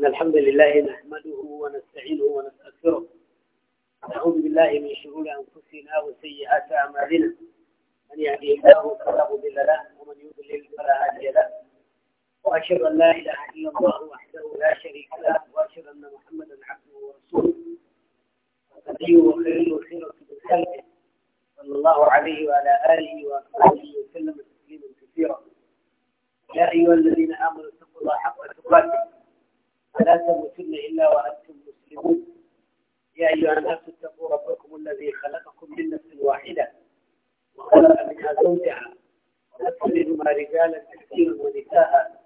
إن الحمد لله نحمده ونستعينه ونستغفره ونعوذ بالله من شرور أنفسنا وسيئات أعمالنا من يهدي الله فلا مضل له ومن يضلل فلا هادي له وأشهد أن لا إله إلا الله وحده لا شريك له وأشهد أن محمدا عبده ورسوله نبيه وخليله وخيرة من خلقه صلى الله عليه وعلى آله وأصحابه وسلم تسليما كثيرا يا أيها الذين آمنوا اتقوا الله حق تقاته فلا تموتن إلا وأنتم مسلمون يا أيها الناس اتقوا ربكم الذي خلقكم من نفس واحدة وخلق منها زوجها وبث منهما رجالا كثيرا ونساء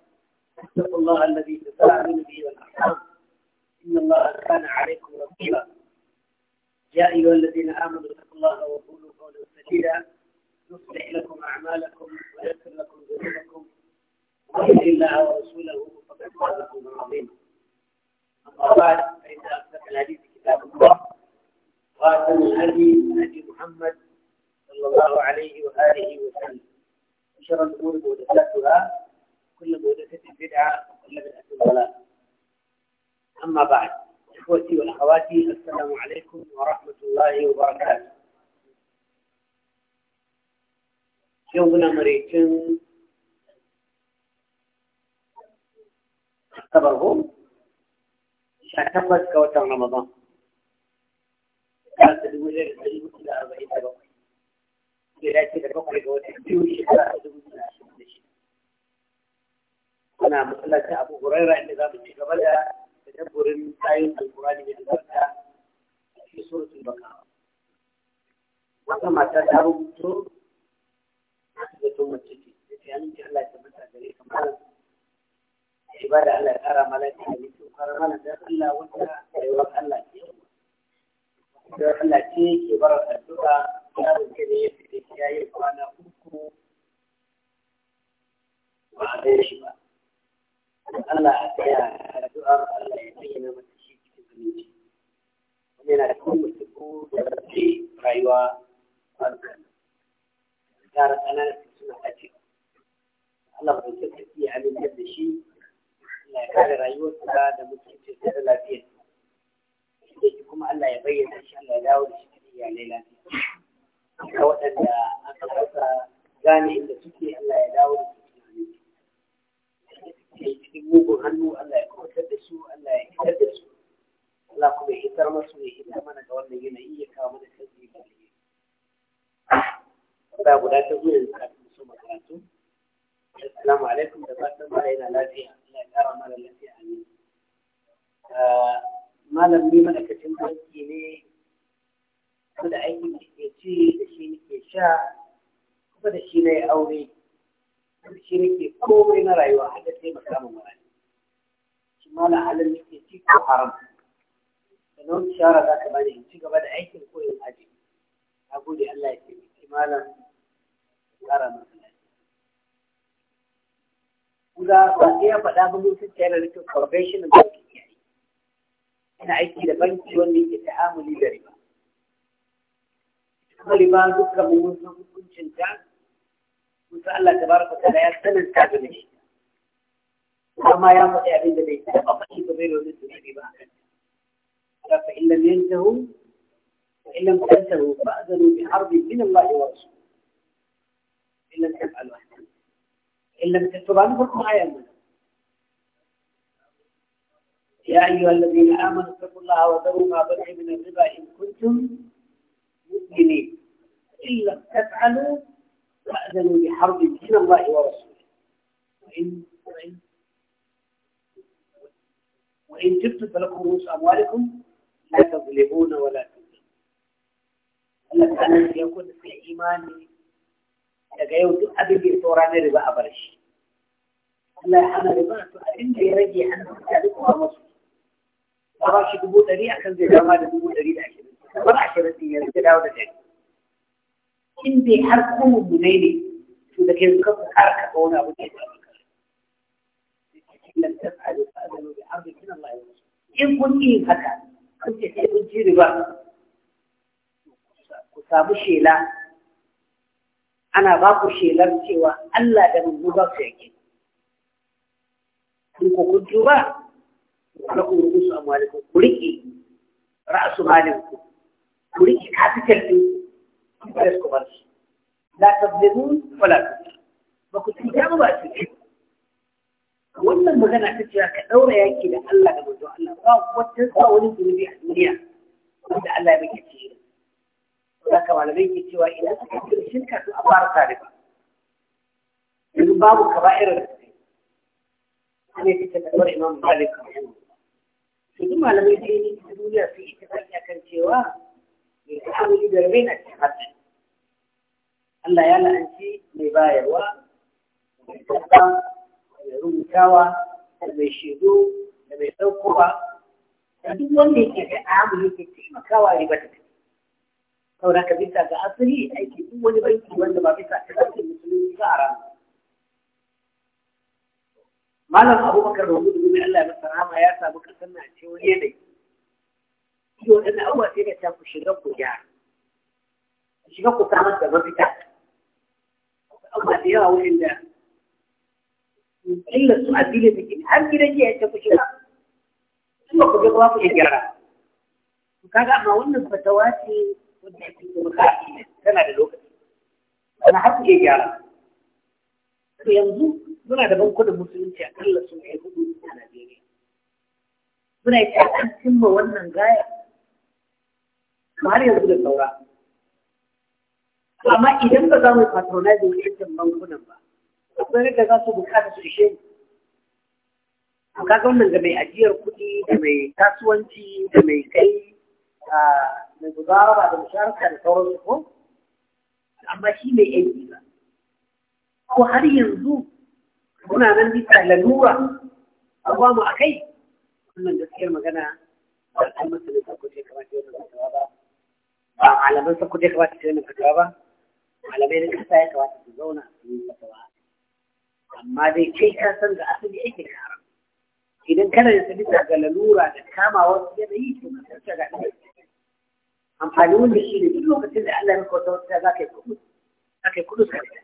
اتقوا الله الذي تساءلون به والأرحام إن الله كان عليكم رقيبا يا أيها الذين آمنوا اتقوا الله وقولوا قولا سديدا يصلح لكم أعمالكم ويغفر لكم ذنوبكم ويطع الله ورسوله فقد فاز فوزا عظيما وقال فإن أصدق الحديث كتاب الله وأحسن الهدي هدي محمد صلى الله عليه وآله وسلم وشر الأمور محدثاتها كل محدثة بدعة وكل بدعة ضلالة أما بعد إخوتي وأخواتي السلام عليكم ورحمة الله وبركاته يومنا مريتين اختبرهم sha takwas ga watan Ramadan. Kasa dubu ɗaya da ɗari hudu da arba'in da bakwai. Ya dace da bakwai ga watan biyu a dubu biyu da ashirin da shida. Ana masallacin Abu Huraira inda da mata ta Allah Allah ya karama da Allah wata rayuwar Allah ce da Allah ce ke bar addu'a ya rubuce da ya fite ya yi kwana uku ba a gare shi ba Allah a tsaya addu'ar Allah ya bayyana mata shi cikin zumunci wani yana da kuma mutuku da rafi rayuwa barkan yara ƙananan suna ɓacewa Allah ba ta iya amintar da shi Allah ya kare rayuwarsa da mutunci da lafiyar da shi kuma Allah ya bayyana shi Allah ya dawo da shi da iyalai lafiya ga waɗanda aka rasa gane inda suke Allah ya dawo da su cikin mugun hannu Allah ya kawatar da su Allah ya hitar da su Allah kuma ya hitar masu ya hitar mana ga wannan yanayi ya kawo mana sauƙi da alheri. Ba guda ta zuwa da karatu su makarantu. Assalamu alaikum da fatan ba yana lafiya. Allah ya kara mara lafiya amin. Ah, malam ni ma'aikacin banki ne kuma da aikin da ke ci da shi nake sha kuma da shi na yi aure. Kuma shi nake komai na rayuwa haka sai taimaka ma mara. Shi malam halin nake ci ko haram. Da nan shara za ka bani in ci gaba da aikin ko in aji. Na gode Allah ya taimaki malam. Kara masa lafiya. kuda ba sai ya faɗa ba mutum ta yana nufin corporation da ina aiki da banki wanda yake ta'amuli da riba kuma riba duka mun san hukuncin ta musa Allah tabaraka ta'ala ya sanin ta da shi amma ya faɗi abin da bai taɓa faɗi ba bai da wani tunani ba a fa in lam yantahu fa in lam tantahu fa'zanu bi harbin min Allah wa rasul in lam taf'alu إن لم تتوب عنكم ما يا أيها الذين آمنوا اتقوا الله وذروا ما بقي من الربا إن كنتم مؤمنين إن لم تفعلوا فأذنوا بحرب من الله ورسوله وإن وإن وإن جبتم فلكم رؤوس أموالكم لا تظلمون ولا تظلمون الله تعالى يكون في إيمانه daga yau duk abin da ya saura na riba a bar shi Allah ya hana riba to abin da ya rage an da duk kuma musu a ba shi dubu ɗari a kan zai dama da dubu ɗari da ashirin kamar ashirin ɗin ya rage dawo da ɗari in dai har kuma munai ne to da kai suka fi har ka wani abu da ya samu لم تفعلوا فأذنوا بعرض من الله ورسوله إن كنت إيه هكذا كنت تحب الجيربا كسابو شيلا ana ba ku shelar cewa Allah da manzo ba su yake kun ku kuntu ba alaikum rukusu amwalikum ku riƙe ra'asu malinku ku riƙe kafital ɗin ku ku ku bar su la tabdimu wala tuti ba ku cuta ba ba su. wannan magana ta cewa ka ɗaura yaƙi da Allah da manzo Allah ba wata ba wani zunubi a duniya wanda Allah ya bake cikin malamai ke cewa idan aka yi shirka a fara tare ba yanzu babu kaba irin da Ana ne ta da imam malik kamar yanzu su duk malamai da yi ta duniya su yi ta tsaki akan cewa mai ta hamuli da rabai na cikin harshe Allah ya la'anci mai bayarwa mai tsaka mai rubutawa mai shaidu da mai ɗaukowa da duk wanda yake da amuri ke taimakawa ribar ta saboda ka bisa ga asali aiki duk wani banki wanda ba bisa kasashen musulunci ba a ranar malam abubakar da wani domin allah ya masa rama ya samu kasar na ce wani yanayi shi waɗanda abubuwa sai ka ta ku shiga ku gyara ku shiga ku samar da mafita abubuwa da yawa wurin da illa su addini da gini har gidan jiya ta ku shiga su ba ku ga ba ku gyara kaga amma wannan fatawa ce wadda ake kuma kafi tana da lokaci wani har iya gyara to yanzu muna da bankunan musulunci a kalla sun yi hudu a Najeriya muna yi an cimma wannan gaya har yanzu da saura amma idan ba za mu patronizing wajen bankunan ba akwai rika za su bukata su ishe mu kaga wannan ga mai ajiyar kuɗi da mai kasuwanci da mai kai ah, mai mudaraba da musharaka da sauransu ko amma shi bai aiki ba ko har yanzu muna nan bisa lalura an ba mu a kai wannan gaskiyar magana ba a masa ne sako je kamar ta wannan fatawa ba ba malaman sako je kamar ta wannan fatawa ba malamai na kasa ya kamata su zauna su yi fatawa amma dai kai ka san da asali ake kara idan kana da sabita ga lalura da kama wasu yanayi to ka tarce ga ɗaya amfani wanda shi ne duk lokacin da Allah ya kawo ta za ka yi kudu za ka yi kudu ka fita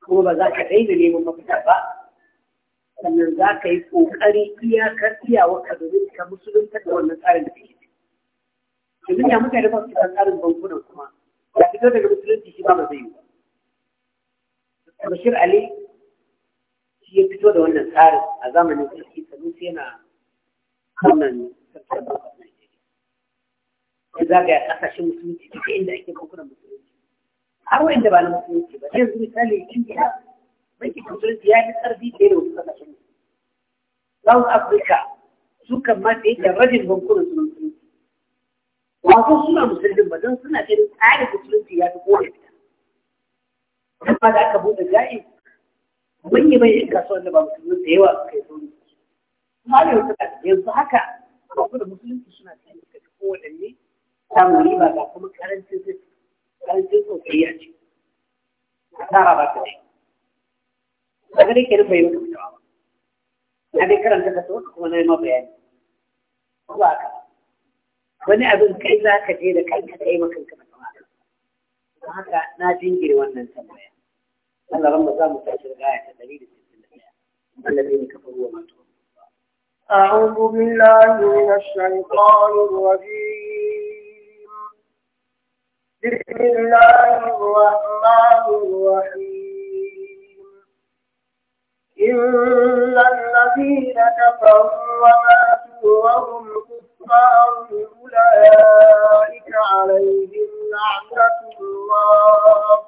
kuma ba za ka daina neman mafita ba sannan za ka yi kokari iyakar ka domin ka musulunta da wannan tsarin da kake domin ya mutane ba su san tsarin bankunan kuma ya fito daga musulunci shi ba ba zai yi ba Bashir Ali shi ya fito da wannan tsarin a zamanin sarki sanusi yana wannan sarki ya zagaya kasashen musulunci duka inda ake bankunan musulunci har wa'inda ba na musulunci ba yanzu misali indiya bankin musulunci ya yi karfi da yawa kasashen musulunci south africa su kan ma da yake rajin bankunan su musulunci wato suna musulun ba don suna ganin tsarin musulunci ya fi kowa kowane fita amma da aka buɗe ja'i manyan yin kasuwar da ba musulun da yawa suka yi sauri kuma ne yanzu haka bankunan musulunci suna cikin kowanne samun riba ga kuma karancin karancin sosai a ce asara ba ta ce ba ga ke rufe yau da na dai karanta ka sauka kuma na yi mabayani ko ba ka wani abin kai za ka je da kanka ka yi makanka ba don haka na jingire wannan tambaya Allah ran ba za mu tashi daga ayata ɗaya. allazi ne kafa ruwa mato أعوذ بالله من الشيطان الرجيم بسم الله الرحمن الرحيم إن الذين كفروا وماتوا وهم كفار أولئك عليهم لعنة الله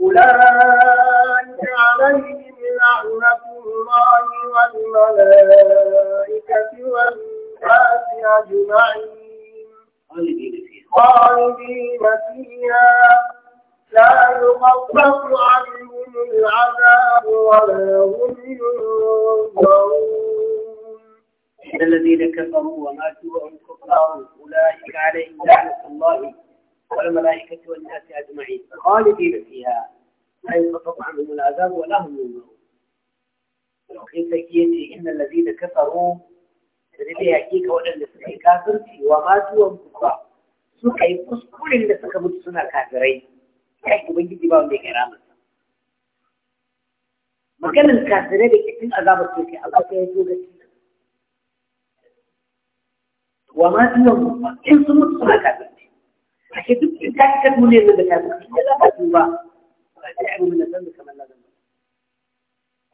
أولئك عليهم لعنة الله والملائكة والناس أجمعين خالدين فيها لا يخفف عنهم العذاب ولا هم ينظرون إن الذين كفروا وماتوا وهم كفار أولئك عليهم لعنة الله والملائكة والناس أجمعين خالدين فيها لا يخفف عنهم العذاب ولا هم ينظرون وفي تكيتي إن الذين كفروا لدي حقيقة وأن الذين كافر وماتوا وهم كفار suka yi kuskuren da suka mutu suna kafirai sai ubangiji ba wanda ya kira masa maganin kafirai da kitin azabar su ke Allah ya zo gaci wa ma dinan in sun mutu suna kafirai a ke duk in kaci kan mune da kafirai ya zaba tuba ba ta yi mun san da kamar lazan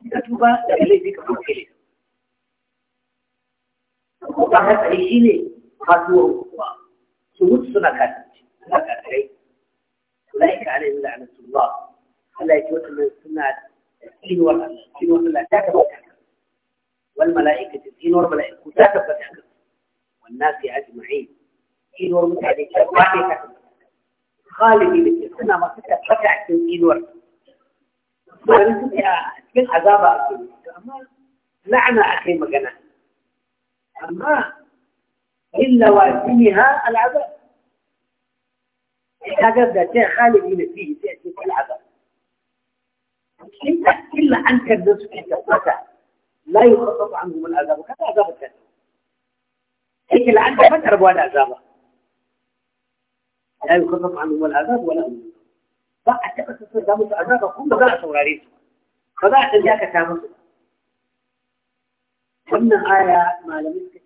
ba ka tuba da laifi ka kuma kele ko ba haka shi ne ba tuwa ba تموت سنة كاتب سنة كاتب أولئك عليهم لعنة الله ألا يتوت من السنة الدين والدين والله تاكب والملائكة الدين والملائكة تاكب تاكب والناس أجمعين دين والمتعدين تاكب تاكب خالدي بكي سنة ما تكتب فتح الدين والملائكة ولكن cikin azaba a amma la'ana a kai magana إلا لوازمها العذاب الحاجة ذاتها خالد من فيه تأتي العذاب إلا أن كذب سبحانه لا يخفف عنهم العذاب وكذا عذاب الكذب إلا لعن فترة ولا عذاب لا يخفف عنهم العذاب ولا هم فأعتقد تصدام العذاب كل ذا سوراريس فذا ذاك تامس ومن آية ما لم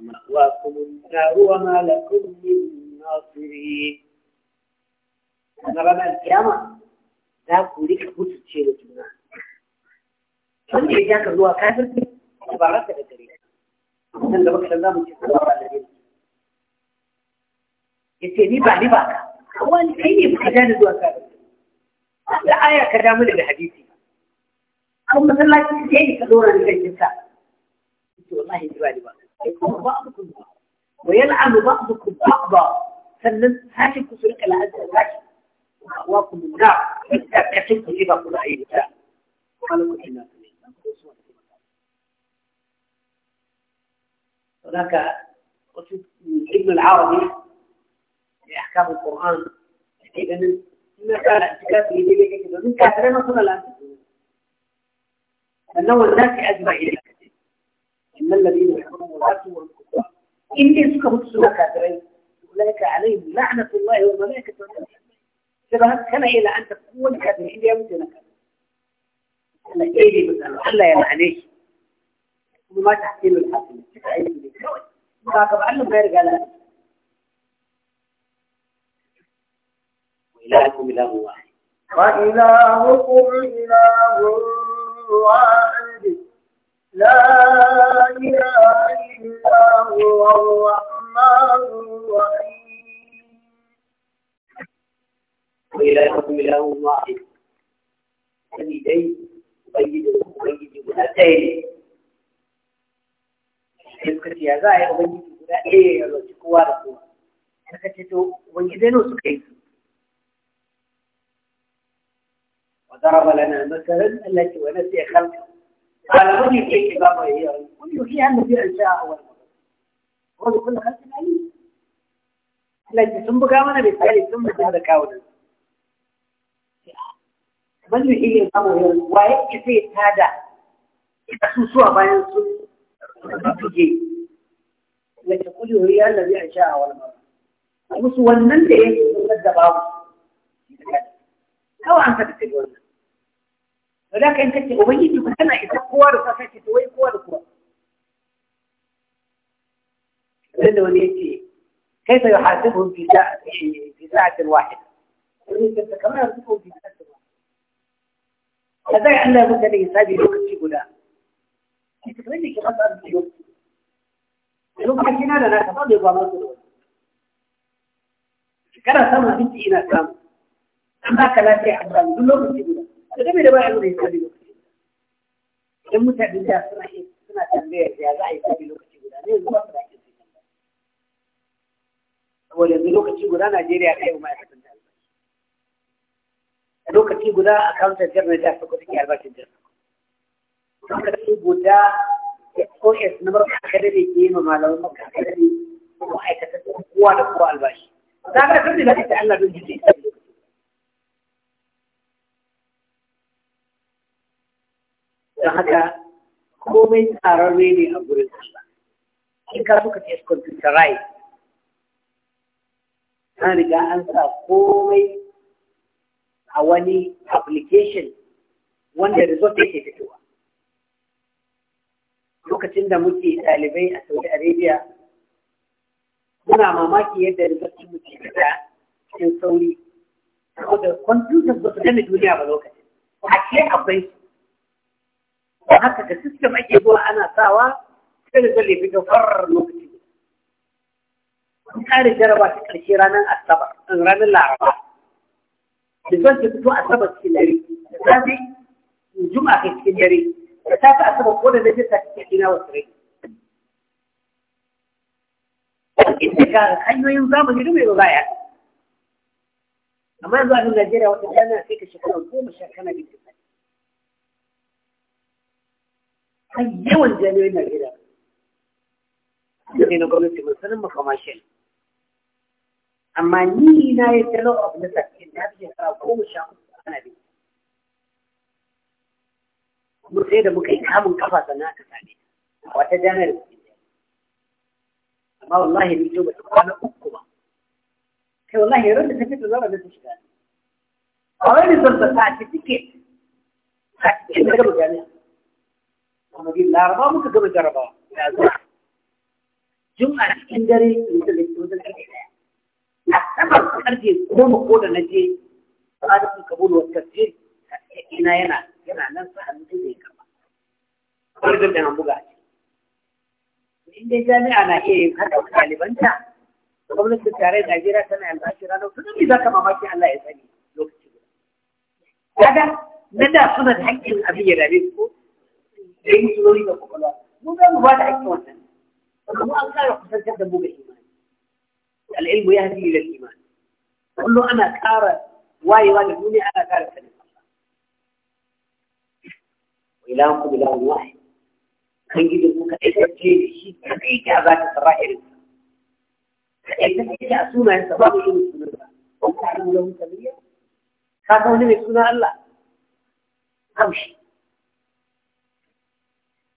ومأواكم النار وما لكم من ناصرين أنا القيامة za ku da juna wanda ya jaka zuwa da ba rasa da gare nan gaba kadan zamu ci gaba da gare ni ba ni ba ka wani kai ne ka jani zuwa kafirci da aya ka damu daga hadisi ni يكون بعضكم بعضا ويلعن بعضكم بعضا sannan sashen ku su rika la'anta sashi wa ku mun da da kacin ku ba ابن العربي في احكام القران تقريبا ما كان اعتكاف يدي كذا من كافر ما انه الناس اجمع إلى كثير ان الذين كفروا وماتوا والكفار إن يسكبوا السنة كافرين أولئك عليهم لعنة الله والملائكة شبهت كما إلى أن تكون كافر إن يموتنا كافر أنا إيدي مثلا الله يلعنيش وما تحكيله الحاكم مراقب إيه عنه غير قال وإلهكم إله واحد وإلهكم إله واحد لا إله إلا هو الرحمن الرحيم وإلهكم إله واحد سيدي أبيد أبيد هاتين Suka ce, ya za a yi Ubangiji guda ɗaya ya roci kowa da kowa. Suka ce, to, Ubangiji nawa suka yi su. وضرب لنا مثلا التي ونسي خلقه على وجه الشيء بابا هي ويحيي عن في الشاء أول مرة هذا كل خلق عليه لكن ثم كامنا بالتالي ثم هذا كاونا من يحيي الأمر ويحيي في هذا سوسوا بين سوسوا da ta kuli wuri ya lalabi a sha a wani ba. Musu wannan da yake sun da babu. Kawai an ka tafi wannan. ولكن ka in kace ubangiji ku tana isa kowa da kowa kace to wai كيف يحاسبهم في ساعة في ساعة واحدة؟ كما يحاسبهم في ساعة واحدة. هذا عندنا يعني مثلا في يسابي لوكس يقول تقولي لي أصلا أربع يوم. يوم حكينا لنا كمان يبغى تقول. كنا سامع بنتي هنا سامع. أما كلامي عبد الله لوكس يقول Ka game da ba a zai sabi lokaci idan mutane da suna suna tambayar ya za a yi sabi lokaci guda ne yanzu ba su da ake sai tambaya saboda yanzu lokaci guda Najeriya kai ma ya kasance albashi lokaci guda accountant general da su kuɗi albashin jirgin lokaci guda SOS na barka akademi ke yi ma malamin barka ne, ko ma'aikatar kowa da kowa albashi. Za ka kasance da ita Allah don jiji. don haka komai tsararre ne a gurin Allah in ka suka ce rai, ta riga an sa komai a wani application wanda result yake fitowa lokacin da muke ɗalibai a Saudi Arabia muna mamaki yadda result muke fita cikin sauri saboda kwamfutar ba su gane duniya ba lokacin a ke akwai su haka da system ake zuwa ana sawa sai da zalle fito far lokaci an kare jaraba ta karshe ranar asabar ranar laraba da zan ta fito asabar cikin dare da safe juma'a kai cikin dare da safe asabar ko da naje ta cikin ina wasu rai inda ga hanyoyin zamani da mai ba ya amma yanzu a Najeriya wata jami'a sai ka shekara goma sha kana da حيول جلوين الهلال يقينو قولو سيما سلم مخماشين أما نينا يتلو أبن سكين هذا يخاف هو شخص أنا بي مرسيدة مكين هم انقفى سناك سعدي وتجانا لسكين أما والله نجوبة سبحان أكبر كي والله يرد سكين لورا بسشتان أولي سلطة ساعتي سكين ساعتي سكين لورا بسشتان kuma bin laraba muka gaba jaraba ya zuwa jum'a cikin dare mutum da mutum da ke a sabar karfe goma ko da na je tsarin kabul wa tafsir ina yana yana nan sa hannun da ya kama kwalibin da buga ce in dai jami'a na iya yin haka ɗalibanta gwamnatin tarayyar najeriya tana albashi rana, su ne za ka mamaki allah ya sani lokaci guda kaga na da suna da abin ya da yi musu lori da kwakwalwa mu za mu ba da hakkin wannan sannan mu an kara kusantar da mu ga imani al'ilmu ya hadi ila imani kullum ana kara wayewa da duniya ana kara sanin Allah wa ilahukum ilahun wahid kan gidan kuka aikance da shi kai ka za ta tsara irin ka aikance da sunayen sa babu irin sunan sa ko ka rubuta mutane ka san wani mai suna Allah haushi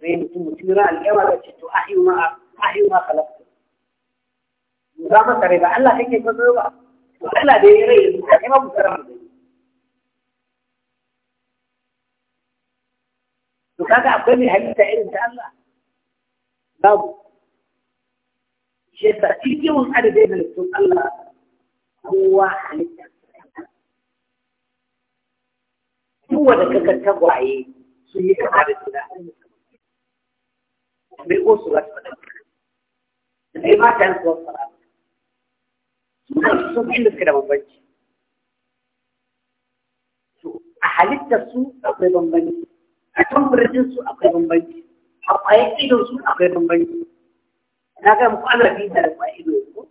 zai mutum mutum ran alƙiyama da ce to ahiyu ma ahiyu ma khalaqtu za mu kare ba Allah kake ka zo ba to Allah da ya rai yanzu kai ma mu kare mu to kaga akwai mai halitta irin ta Allah babu shi yasa cikin adadin halittun Allah kowa halitta duk wanda kaga tagwaye sun yi kama da juna بيقصوا أسماء اللي ما كان توصل السوق اللي كده بنبني أحلت السوق أقرب بنبني أتم برجل السوق أقرب بنبني أطايق إيدو السوق أقرب بنبني أنا كان مقامة في ذلك وإيدو السوق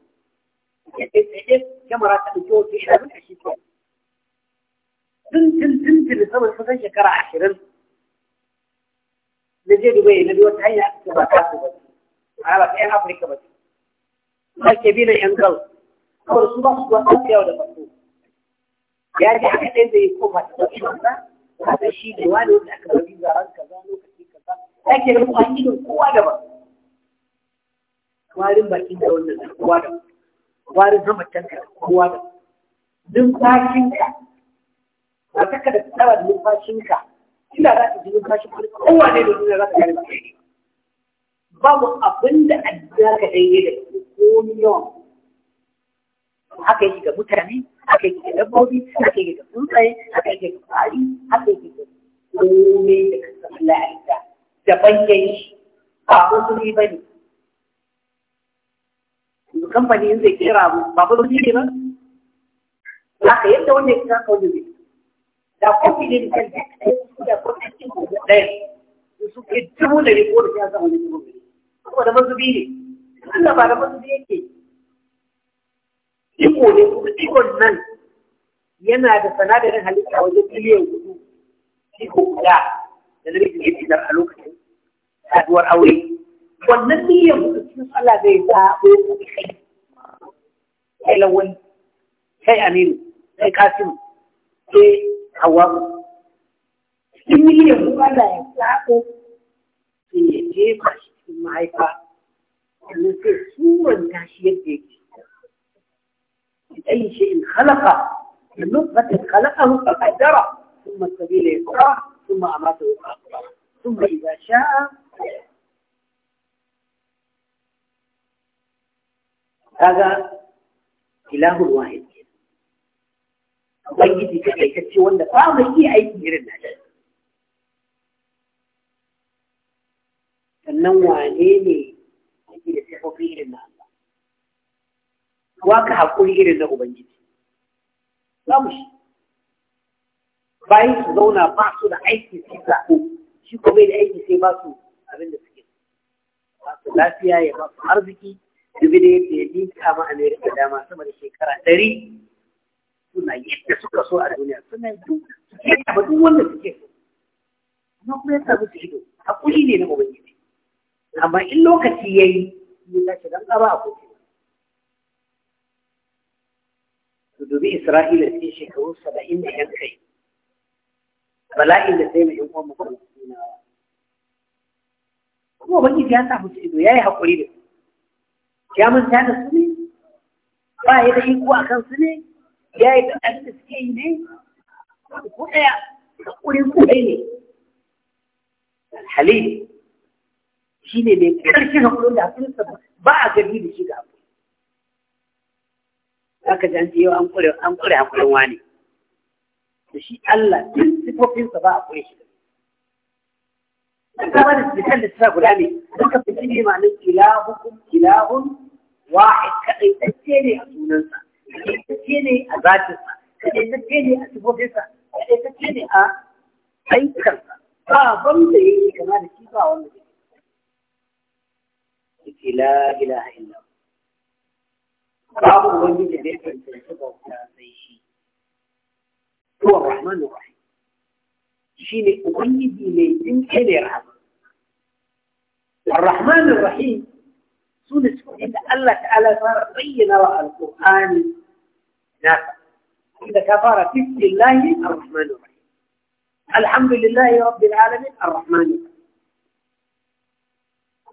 كاميرا تنجوز من عشرين تنزل تنزل لسبب الفتن شكرا عشرين na je dubai na wata hanya aka ce ba ta su ba a ba ta afirka ba ce kuma ke bi na yan gal kawai su ba su ba su yau da farko ya ji aka ɗaya zai koma ta ba wanda ba? ta shi ne wani wanda aka bari za kaza lokaci kaza ya ke rufu an gidan kowa da ba warin bakin da wannan da kowa da warin hamatan da kowa da numfashinka ba ta ka da tsara numfashinka inda za ka jibin kashi da za ba babu abin da ka da yawan mutane haka yake ga dabbobi haka yake ga tsuntsaye haka yake ga haka yake ga komai da Da ba ne zai kera ba ne ba haka yadda wanda ya kira kawai zai da kofi ne da kan da kofi cikin kofi ɗaya da su ke dubu da riko da ya zama da dubu biyu saboda mazubi ne Allah ba da mazubi yake iko ne kuma ikon nan yana da sanadarin halitta wajen biliyan hudu iko guda da zai ke fitar a lokacin saduwar aure wannan biliyan hudu cikin Allah zai zaɓo kai kai lawai kai aminu kai kasimu sai hawa in miliyan ruwa da ya tsako sai ya jefa shi cikin mahaifa sannan sai suranta shi yadda yake بأي شيء خلقه من نطفة خلقه فقدره ثم السبيل يسره ثم أماته فأقبره ثم إذا شاء هذا إله واحد ubangiji ka aikace wanda ba mai iya aiki irin na shi sannan wane ne yake da sifofi irin na Allah wa ka haƙuri irin na ubangiji Za babu shi bayan su zauna ba su da aiki su zaɓo shi kuma da aiki sai ba su abin da suke ba su lafiya ya ba su arziki dubi da yadda ya dinka ma Amerika dama sama da shekara ɗari suna yadda suka so a duniya suna duk yadda duk wanda suke so amma kuma ya samu su ido hakuri ne na ubangiji amma in lokaci ya yi ya shi dan ƙaba a kotu su dubi isra'ila cikin shekaru saba'in da yan kai bala'in da sai mai yan uwan mutum kuma ubangiji ya samu su ido ya yi hakuri da su ya manta da su ne ba ya da iko a kan su ne ya yi ɗan da suke yi ne ku ɗaya da ƙuri ku ɗai ne alhali shi ne mai ƙarfi haƙurin da haƙurinsa ba a gani da shi ga haƙuri haka ji an ce yau an ƙure an ƙure wani da shi Allah tun sifofinsa ba a ƙure shi da ba da sifofinsa da ta guda ne duka fi shi ne ma'anin ilahukun ilahun wa'id kaɗai ɗan ne a sunansa kaɗaitacce ne a zatinsa kaɗaitacce ne a sifofinsa kaɗaitacce ne a aikarsa ba ban da yi kama da shi wanda ya yi ce la ilaha illa babu ubangiji da ya tantance bauta sai shi huwa rahman rahim shine ubangiji mai jinkai ne rahman الرحمن su ne cikin inda Allah ta'ala ya fara bayyana wa alƙur'ani nasa inda ka fara bismillahi ar-rahman ar alhamdulillahi rabbil alamin ar-rahman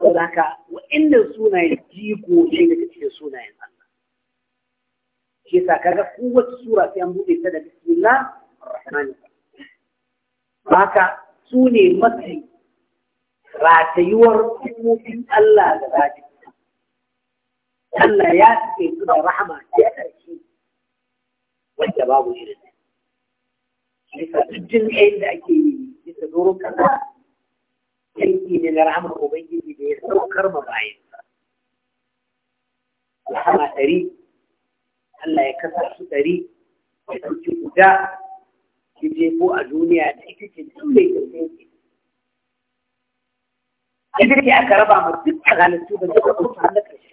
ar-rahim haka wa'annan sunayen jiko ne daga cikin sunayen Allah shi yasa kaga kowace sura sai an buɗe ta da bismillah ar-rahman ar-rahim haka su ne mafi ratayuwar hukumomin Allah da zaɓi Allah ya suke su da rahama ta ƙarshe wanda babu irin da. Nisa jin ɗayan da ake yi bisa doron kasa, yanki ne na rahama Ubangiji da ya saukar ma bayan? Rahama ɗari, Allah ya kasa su ɗari, ya ɗauki guda, ki je ko a duniya da ita ce duk mai ɗauke Ita ce aka raba ma duk a halittu da duka kuma na ƙarshe.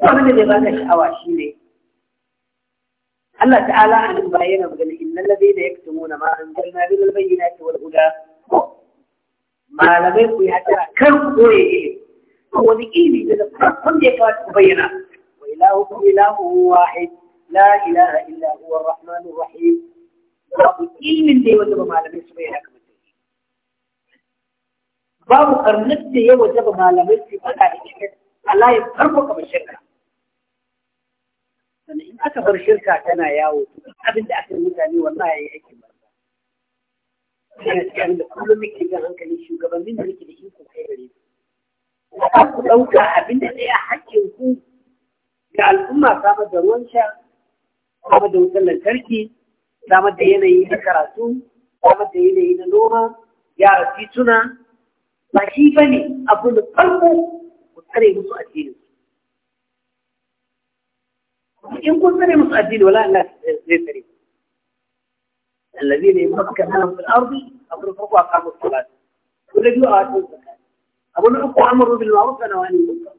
abin da zai baka sha'awa shi ne Allah ta'ala a nan bayan magana innal ladina yaktumuna ma anzalna bil bayyinati wal huda malamai ku ya tara kar ku koye ilimi wani ilimi da farkon da ya kamata ku bayyana wa ilahukum ilahu wahid la ilaha illa huwa arrahmanur rahim babu ilimin da ya wajaba malamai su bayyana kamar babu karnar da ya wajaba malamai su faɗa da cikin Allah ya farko kamar shirka sannan in aka bar shirka tana yawo abin da aka mutane wallahi ya aikin ba yana cikin da kullum muke ga hankali shugabannin da muke da iko kai gare su za ku ɗauka abin da ɗaya hakkin ku ga al'umma samar da ruwan sha samar da wutar lantarki samar da yanayi na karatu samar da yanayi na noma yara tituna ba shi ba ne abu da farko ku tsare musu addinin in kun tsare musu addini wala Allah الذين tsare منهم في الأرض أبرفقوا أقاموا الصلاة ولجوا آتوا الزكاة أبو نعقوا أمروا بالمعروف أنا وأنا المنكر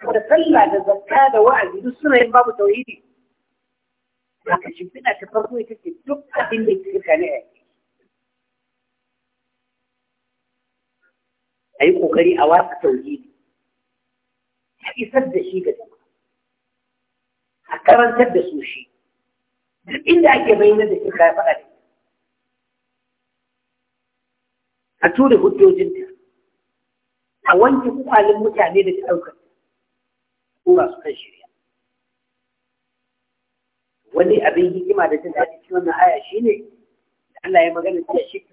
تسلى الزكاة وعزي السنة ينباب التوحيدي لكن شبنا كفرقوا يتكتب دقة دين يتكتب عليها أي قري أيوة أواق توحيدي يصدق شيء كده a karantar da su shi duk inda ake bayyana da shirka ya faɗa da a tura hujjojinta a wanke kwalin mutane da ta ɗaukar ko ba su kan shirya wani abin hikima da ta dace cikin wannan aya shine da Allah ya magana ta shi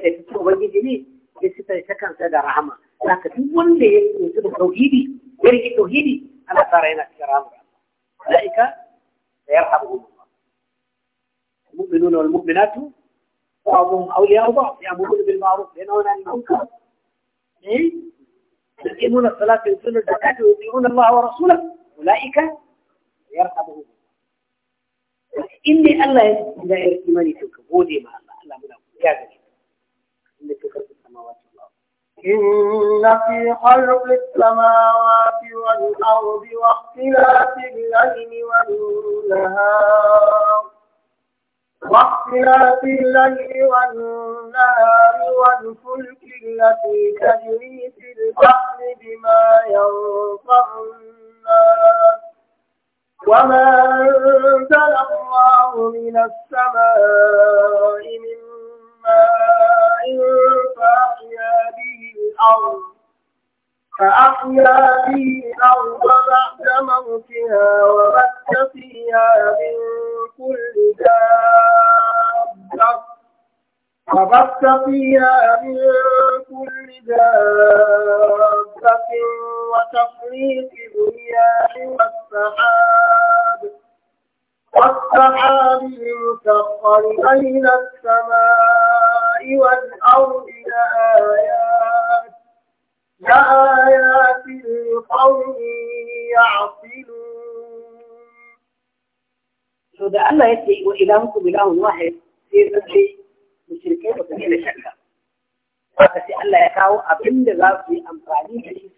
da ta ubangiji ne ya sifar ta kansa da rahama haka duk wanda ya tsoci da tauhidi ya rike tauhidi ana tsara yana cikin rahama أولئك سيرحمهم الله المؤمنون والمؤمنات بعضهم أولياء بعض يأمرون بالمعروف ينهون عن المنكر إيه؟ يقيمون الصلاة ويؤتون الزكاة ويطيعون الله ورسوله أولئك سيرحبهم الله إني الله لا إيماني تلك بودي مع الله الله ملاك يا جميل إنك في السماوات إن في خلق السماوات والأرض واختلاف الليل والنهار واختلاف الليل والنهار والفلك التي تجري في البحر بما ينفع الناس وما أنزل الله من السماء من ماء فأحيا به فأحيا به الأرض بعد موتها وبث فيها من كل دابة وبث فيها من كل دابة وتفريق الرياح والسحاب والسحاب المسخر بين السماء والأرض لآيات لآيات لقوم يعقلون. سوداء الله يأتي وإلهكم إله واحد في نفسي مشركين وكثير شكا. وكثير الله يكاو أبن لغافي أمراني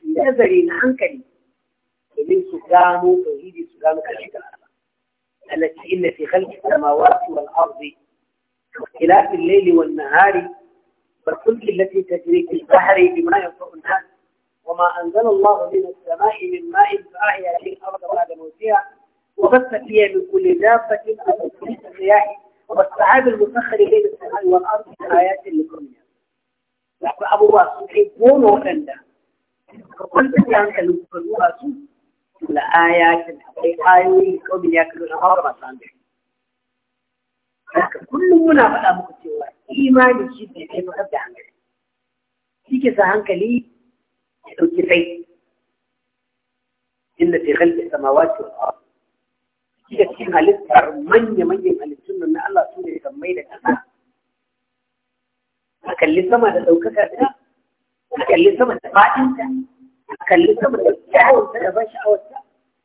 التي إن في خلق السماوات والأرض واختلاف الليل والنهار والفلك التي تجري في البحر بما ينفع الناس وما أنزل الله من السماء من ماء فأحيا به الأرض بعد موتها وبث فيها من كل دابة وتسخير الرياح والسحاب المسخر بين السماء والأرض آيات لكل أبو بكر سبحانه وتعالى لك أنت لو akwai لآيات ya آيوي قوم يأكلون masu رمضان haka kullum muna faɗa muku cewa imani shi ne ya fi da hankali shi ke sa hankali ya ɗauki sai inda fi halki samawati wal ardh shi da cikin halittar manya manyan halittun nan na Allah su ne sammai da ƙasa a kalli sama da ɗaukaka ta a kalli sama da faɗinta a kalli saboda kyawunsa da ban sha'awarsa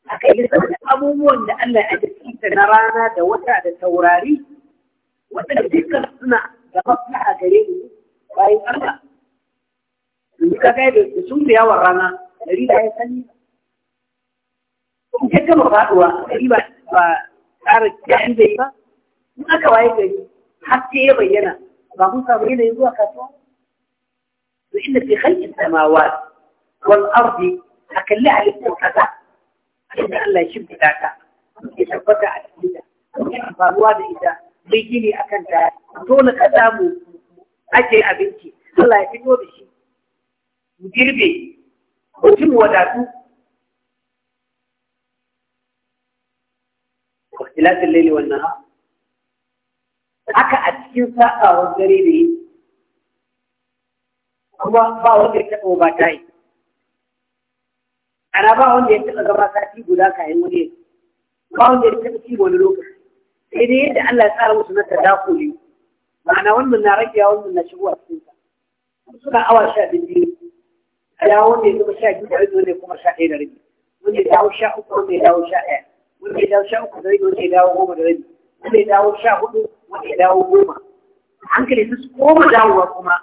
a kalli saboda abubuwan da Allah ya ajiye na rana da wata da taurari waɗanda dukkan suna da maslaha gare ni bayan Allah in ka ga da sun da yawan rana dari da ya sani in ka gama faduwa dari ba ba tsara kyan da ba in aka waye gari haske ya bayyana ba kun samu yanayin zuwa kasuwa to inda fi khalqi samawati والأرض أكلها على الكوكبة إن الله يشبه ذاك يتبقى على الدنيا yana faruwa da ita mai gini akan kanta dole ka samu ake abinci Allah ya fito da shi mu girbe mutum wadatu ikhtilafin laili wan nahar haka a cikin sa'awa dare da yi kuma ba wanda ya taɓa ba yi ana ba wanda ya taɓa gaba sati guda kayan wani ba wanda ya taɓa ci wani lokaci sai dai yadda Allah ya tsara musu na tadakuli ma'ana wannan na rage wannan na shigo a cikin sa suna awa sha biyu ya wanda ya zama sha biyu da rabi wanda kuma sha ɗaya da rabi wanda ya dawo sha uku wanda ya dawo sha ɗaya wanda ya dawo sha uku da rabi wanda ya dawo goma da rabi wanda ya dawo sha hudu wanda ya dawo goma hankali su koma dawowa kuma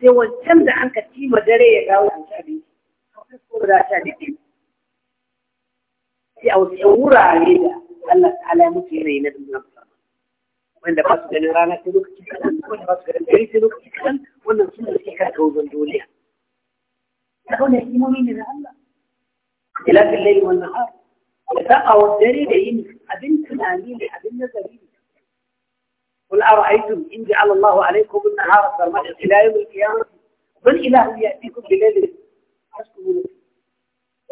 sai wancan da an ka ci ma dare ya dawo a sha biyu. Kau kasko da sha biyu. sai a wasu wurare da Allah ta'ala ya mutu yanayi na duniya musamman wanda ba su ganin rana ta lokaci kaɗan wanda ba su ganin dare ta lokaci kaɗan wannan sun da suke karka wajen duniya ta wannan hikimomi ne na Allah ilafin laili wannan har da saɓawar dare da yini abin tunani ne abin nazari ne قل أرأيتم إن جعل الله عليكم النهار سرمدا إلى يوم القيامة من إله يأتيكم بليل تسكنون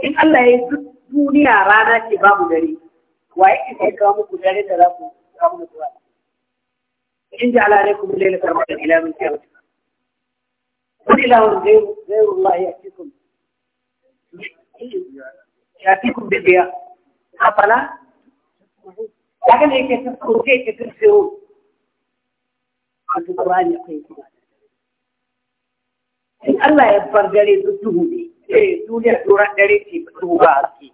إن الله يزد duniya rana ce babu dare waye yake sai kawo muku dare da za ku kawo muku rana in ji ala alaikum laila karmatan ila min kiyamati kun ilahun gairu Allah ya fi kun ya fi kun bibiya ya kaga ne yake sun kurke ke sun siyo a tukurani ya kai kuma in Allah ya bar dare duk duhu ne eh duniya tsoron dare ce duhu ba a ciki.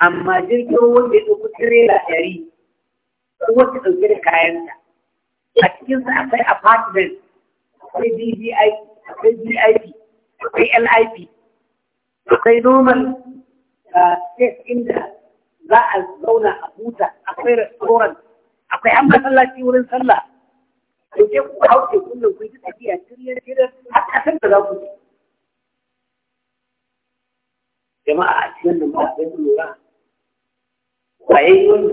amma jirgin wanda ya ɗauki tirela ɗari wata ɗauke da kayanta a cikinsa akwai apartment akwai dvi akwai vip akwai lip akwai normal uh, space inda za a zauna a huta akwai restaurant akwai an masallaci wurin sallah to je ku hauke kullum ku yi tafiya tiriyar tiriyar har kasar da za ku je jama'a a cikin nan ba ku lura wayayyun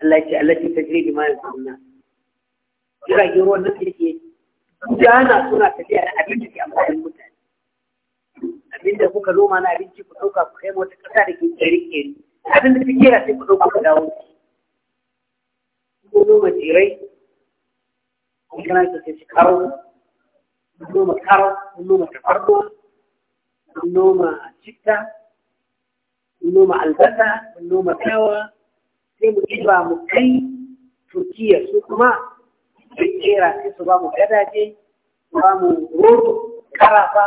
Allah ce Allah ce ta jirgi ma yanzu na jiragen ruwan nan kirki jana suna tafiya da abin da ke amfanin mutane abin da kuka noma na abinci ku ɗauka ku kai wata da ke kere abin da kun kana ta mun noma karo mun noma tafardo mun noma cikta, mun noma albasa mun noma kawa sai mu ɗiba mu kai turkiya su kuma su kera sai su ba mu gadaje ba mu rodo karafa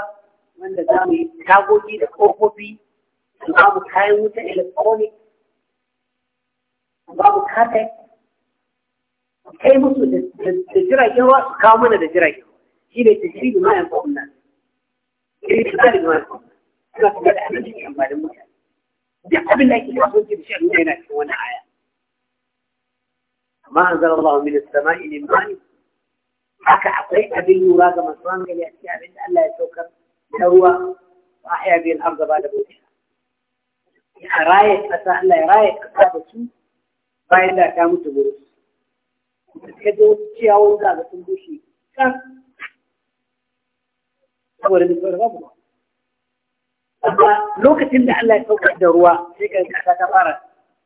wanda za mu yi tagogi da ƙofofi su ba mu kayan wuta electronic su ba mu kai musu da jiragen ruwa su kawo mana da jiragen ruwa shi ne ta shiri ma yan fa'un nan shiri ta tsari ma yan fa'un suna kuma da abinci ne amfanin mutane duk abin da ake kasuwanci da shi a duniya yana cikin wani aya amma an zara Allah min sama'i min mani haka akwai abin lura ga masu hankali a cikin abin da Allah ya saukar na ruwa a haya biyan arza ba da mutu ya raye ƙasa Allah ya raye ƙasa da su bayan da ta mutu mutu ya zo ciyawar da ga sun bushe kan saboda ne saboda babu amma lokacin da Allah ya sauka da ruwa sai ka kasa ta fara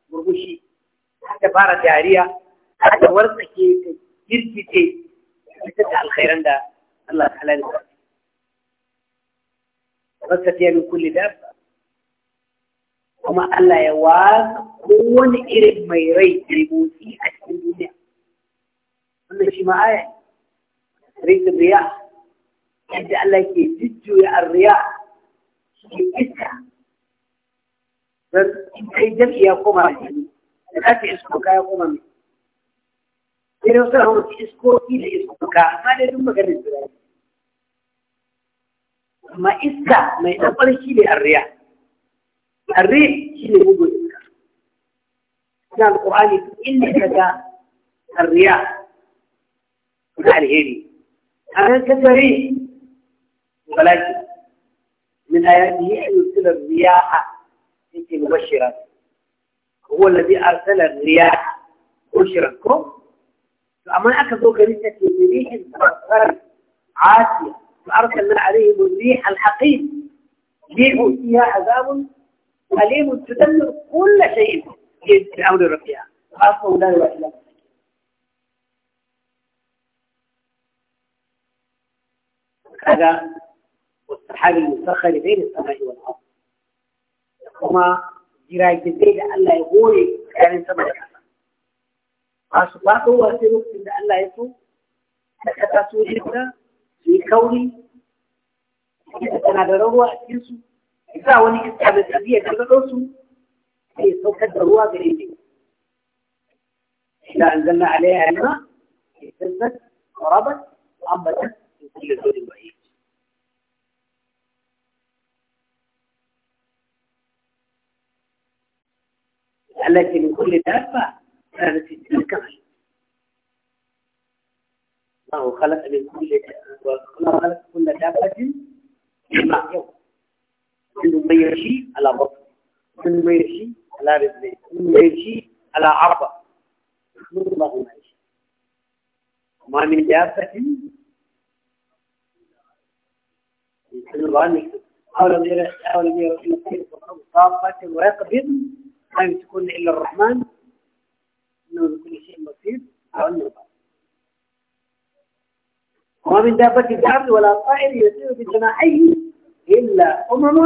burbushi har ta fara dariya ta wartsake ta girgice ta da alkhairan da Allah ta halalta rasa fiye min kulli dabba kuma Allah ya wasa kowane irin mai rai da a cikin duniya wannan shi ma aya rikin riya yadda Allah ke jujjuya a riya shi iska don kai jam'i ya koma a jini da za ta iskoka ya koma mai sai da wasu rahon iskoki da iskoka amma dai duk maganin su amma iska mai ɗanɓar shi ne arriya arriya shi ne mugun iska na alƙur'ani inda ka ga arriya ونعلي alheri an ka tare balaki min يرسل الرياح أنت مبشرة هو الذي أرسل الرياح arsala riyaha بشركم فأما أكدوا كنيسة بريح فرد عاتية فأرسلنا عليهم الريح الحقيقي ريح فيها عذاب أليم تدمر كل شيء في أمر ربها خاصة لا إله هذا هو والسحاب المسخر بين السماء والأرض وما جراج الليل ألا يقول كان السماء والأرض هو سيرك إن ألا يقول حتى سوجدنا في كوني تنادره أتنسو إذا وني كتاب الأبي أتنسو أي صوت الدروا بريده إذا أنزلنا عليها علمة إيه، اهتزت وربت وأنبتت في كل دور بعيد التي من كل دابة كانت الكمل الله خلق من كل وخلق كل دابة مع يوم منهم من يمشي على بطن منهم من يمشي على رجلين منهم من يمشي على عربة من الله ما يشاء وما من دابة من الظن أو لم يرى أو لم يرى إلا خير يرى طاقة ويقبض لا يمسكون إلا الرحمن إنه بكل شيء مصير أو أنه من دابة الأرض ولا طائر في جناحيه إلا أمم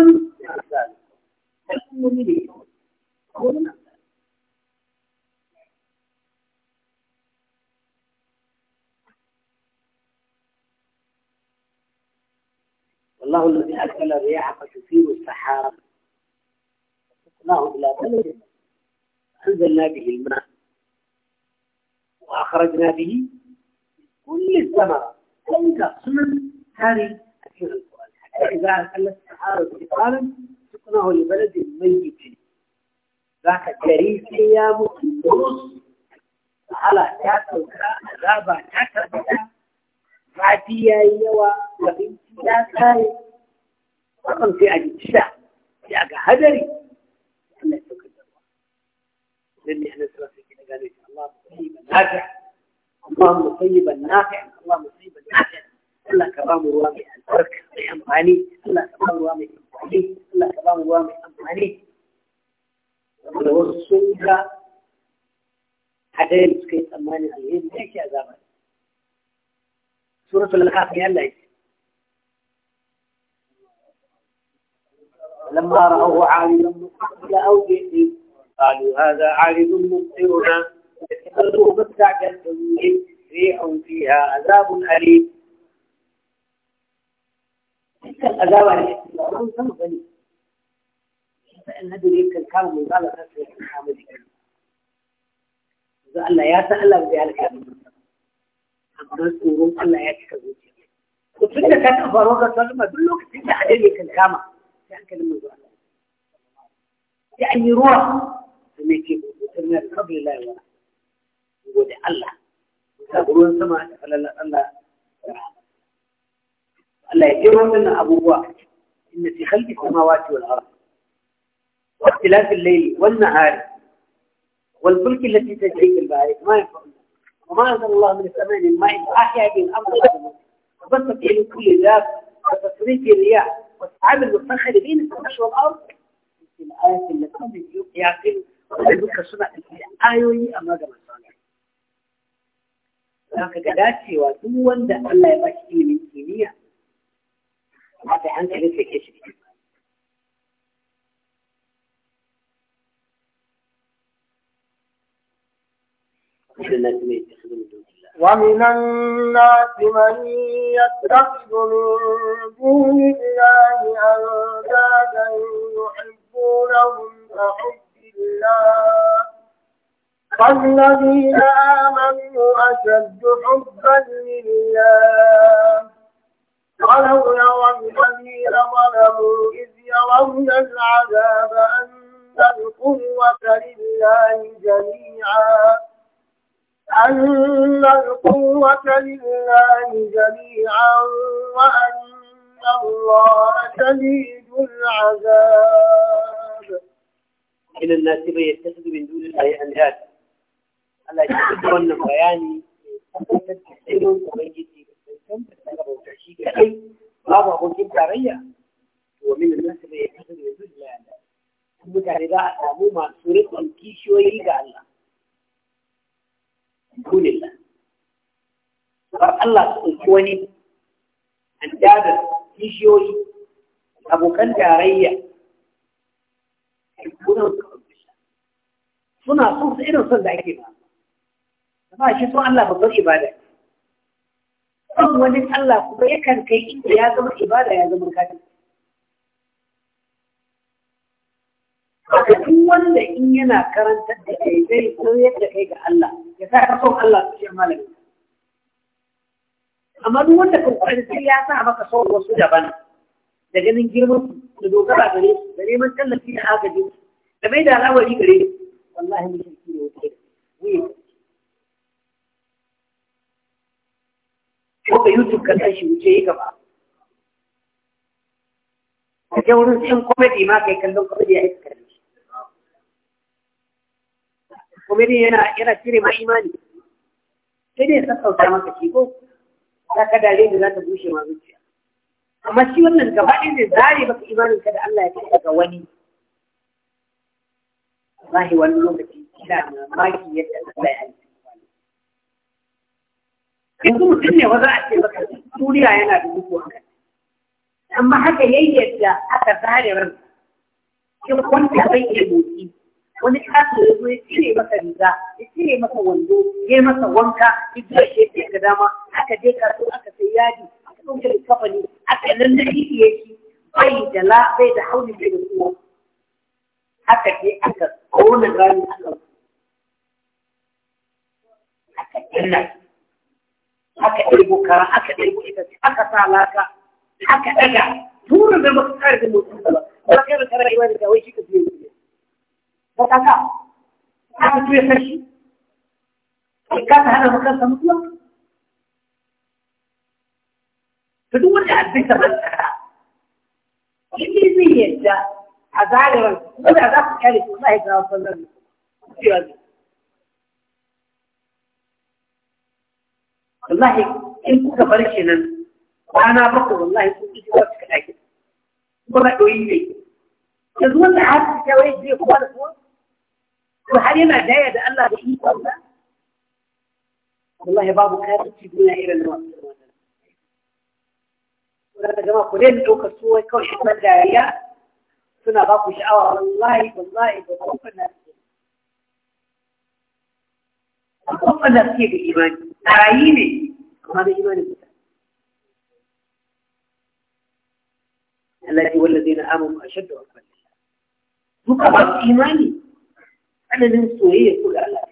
أمثال الأم أمم أمثال والله الذي أرسل الرياح فتثير السحاب فأسقناه إلى بلد أنزلنا به الماء وأخرجنا به كل الثمرة كيف سنن هذه أكثر القرآن حتى إذا أكلت السحارة سقالا سقناه لبلد ميت ذاك جريء يا مقدس على تاكل رابع تاكل fati ya yi yawa abinci ya kare في أجل الشعب ji sha sai علمي أن أسرة سكينة قال الله طيبا نافعا اللهم طيبا نافعا اللهم طيبا نافعا الله كرام ورامي البركة لأمهاني الله كرام ورامي أمهاني الله كرام ورامي أمهاني ورسولك حتى يمسكي أماني عليهم ليش أزامك سورة الأخاف يا الله لما رأوه عالي لما قبل أوجه قالوا هذا عارض ممطرنا اتخذوه مستعجا جميل ريح فيها عذاب أليم تلك العذاب الاستمرارون كم غني فإن هذول يمكن كانوا قال في الحامل إذا قال يا سأل بذلك amma tsoron Allah ya cika zuciya. To tun da ka taɓa roga salma duk lokacin da hadari kan ميتي وترمي قبل الله ولا ودي الله تقولون سما الله الله الله يجرون من أبوه إن في خلق السماوات والأرض واختلاف الليل والنهار والفلك التي تجري في البحر ما ينفعون وما أنزل الله من السماء من ماء أحيا به الأرض وبث في كل ذات وتصريف الرياح والسحاب المسخر بين السماء والأرض في الآيات التي يعقل ومن الناس من يتخذ من دون الله أندادا يحبونهم كحب الله والذين آمنوا أشد حبا لله ولو يرى الذين ظلموا إذ يرون العذاب أن القوة لله جميعا أن القوة لله جميعا وأن الله شديد العذاب من الناس يبغى يتخذ من دون الله أندات على شكل أن بياني تحسين وبيجي كم تتكلم ما بقول كم كارية ومن الناس يبغى يتخذ من دون الله أندات ثم كان إذا أمو ما سورت أن كيشوا يلقى الله يقول الله الله سبحانه وتعالى أن جاد كيشوا أبو كان كارية suna son su irin son da ake ba amma shi son Allah babbar ibada son wani Allah kuma yakan kai inda ya zama ibada ya zama kafin haka duk wanda in yana karanta da kai zai koyar da kai ga Allah ya sa ka son Allah su ce malami amma duk wanda kan kwarin sai ya sa maka son wasu daban da ganin girman su da dogara gare su da neman tallafi da agajin su da mai da rawari gare su wallahi mushriki ne wata wuce ko ka youtube ka tashi wuce yi gaba ka je wurin cin komedi ma kai kallon komedi a iskar komedi yana yana cire ma imani sai dai sassauta maka shi ko za ka dare da za ta bushe ma zuciya amma shi wannan gaba ɗaya zai zare maka imanin ka da Allah ya kai ga wani wallahi wani lokaci ina mamaki yadda Allah ya halitta yanzu mutum ne wanda a ce maka duniya yana da duku haka amma haka yayi yadda aka zare ran shi wanda bai iya motsi wani kasu ya zo ya cire maka riga ya cire maka wando ya maka wanka ya biya shi ya ga dama aka je kasuwa aka sai yadi ممكن يتفقدوا حتى ان النحيل يجي bai da la bai da hauli da kuma haka ke aka kona rani aka aka kinna aka ɗirgo kara aka ɗirgo ita aka sa laka aka ɗaga turin da maka kare da mutum ba ba kai da kare rayuwa da kawai shi ka biyo ne ba ta ka aka tuya sashi ka ta hana makarsa mutuwa duk wanda addinta ba ta shi zai yadda a zagaran wanda za ku kyale su sai ga wannan wallahi in kuka bar shi nan kwana bakwai wallahi kun ji wasu ka dake kuma ba doyi ne yanzu wanda har su kyawai zai kuma da kuma to har yana daya da Allah da ikon sa wallahi babu kafin cikin irin wannan da jama'a ku daina ɗaukar su wai kawai kuma dariya suna ba ku sha'awa wallahi wallahi ba kofar na suke ba kofar na suke da imani rayu ne amma da imani ba التي والذين آمنوا أشد عقبا duka masu imani tsananin soyayya ko da Allah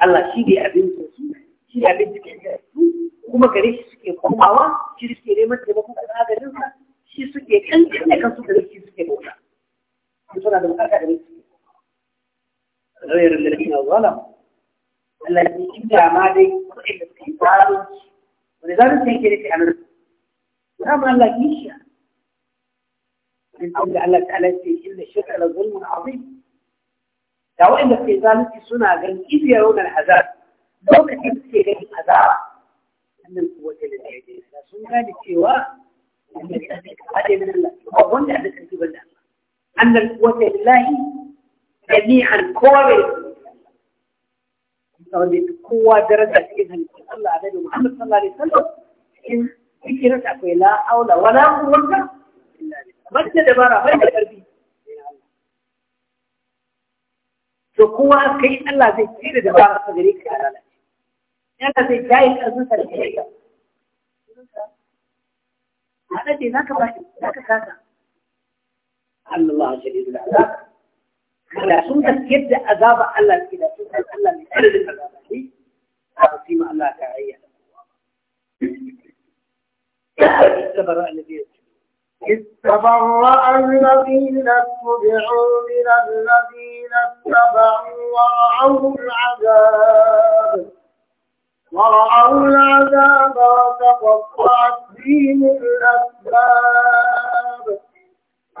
Allah shi ne abin su shi ne abin cikin su kuma gare shi suke komawa shi suke neman taimakon kan agarin sa shi suke kankan da kansu gare shi suke bauta su suna da bukata gare shi غير الذين ظلموا الذي إلا ما دي وإلا استهزار ولذلك تنكر في عمل الأمر لا يشاء من قول الله تعالى إن الشرع لظلم عظيم لو إن استهزار في سنة إذ يرون العذاب لو كنت في غير العذاب أن القوة للعيدين لكن ما للسواء هذه من الله أظن هذا الكتب الله أن القوة لله جميعا قوة لله قوة درجة إذا صلى الله عليه محمد صلى الله عليه وسلم إن فكرت أقول لا أو لا ولا أقول لا ما تدبر ما تدبر بي تقوى كي الله زي كده دبر صدريك على الله yana zai jaye ƙarfinsa da ƙarfinsa haɗa ce za ka ba shi za ka kasa Allah shaidu da azaba kada sun gaskiyar da azaba Allah ke da sun san Allah mai ƙarfin azaba ne a su ma Allah ta ayya da kowa ba tabarra annabi إذ تبرأ الذين اتبعوا من الذين اتبعوا ورأوا العذاب ورأوا العذاب وتقطعت بهم الأسباب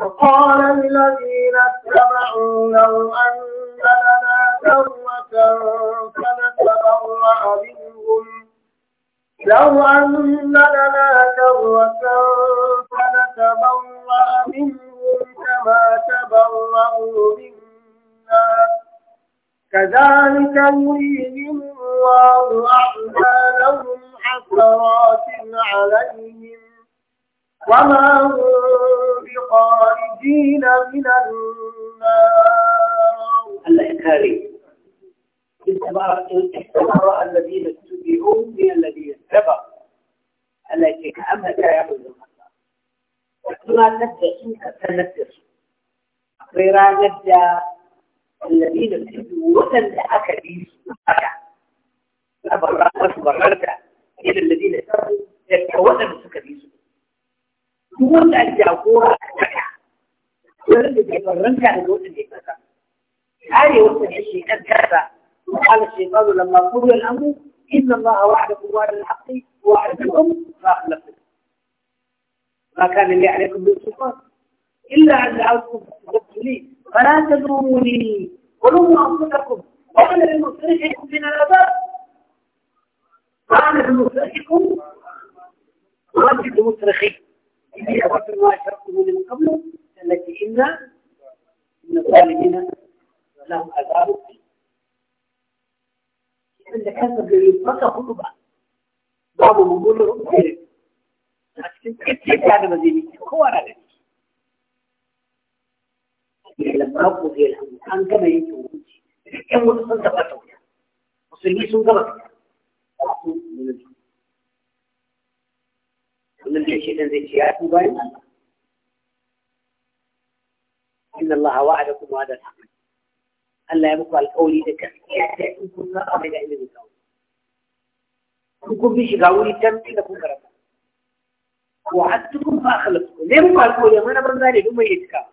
وقال الذين اتبعوا لو أن لنا كرة فنتبرأ منهم لو أن لنا كرة فنتبرأ منهم كما تبرأوا منا كذلك يريهم الله أعمالهم حسرات عليهم وما هم بخارجين من النار الله يكاري استبرأ الذين اتبعوا من الذين اتبعوا التي كأمها يعبد الله كما نبدأ سنة نبدأ سنة أخيرا نبدأ الذين ابتدوا وطن لأكا أكا أبرا وبررتا إلى الذين ابتدوا يتوطن سكبيسو دون أن جاكورا أكا ولد يبرنتا الوطن يبرنتا هذه وطن الشيء أكذا وقال الشيطان لما قضي الأمر إن الله وحده وعد الحق وعدكم فأخلفتم ما كان لي عليكم من سلطان إلا أن دعوتكم فاستجبتم لي فلا تدروني ولوموا أنفسكم وأنا بمصرخكم من الأباء وأنا بمصرخكم وانت بمصرخي إني أخبرت ما أشركته من قبل التي إن من الظالمين لهم عذاب إذا كان بيتبقى خطبة بعضهم يقول ربي أحسن كيف يعني مزيدك هو رأيك إن الله وعدكم هذا الحق ألا يبقى القول لك إن كنا قبل إلى المساوي كنكم بيش قولي تمتين لكم كرتا وعدتكم فأخلصكم ليه مقال قولي أمانا برمزاني لما يتكافل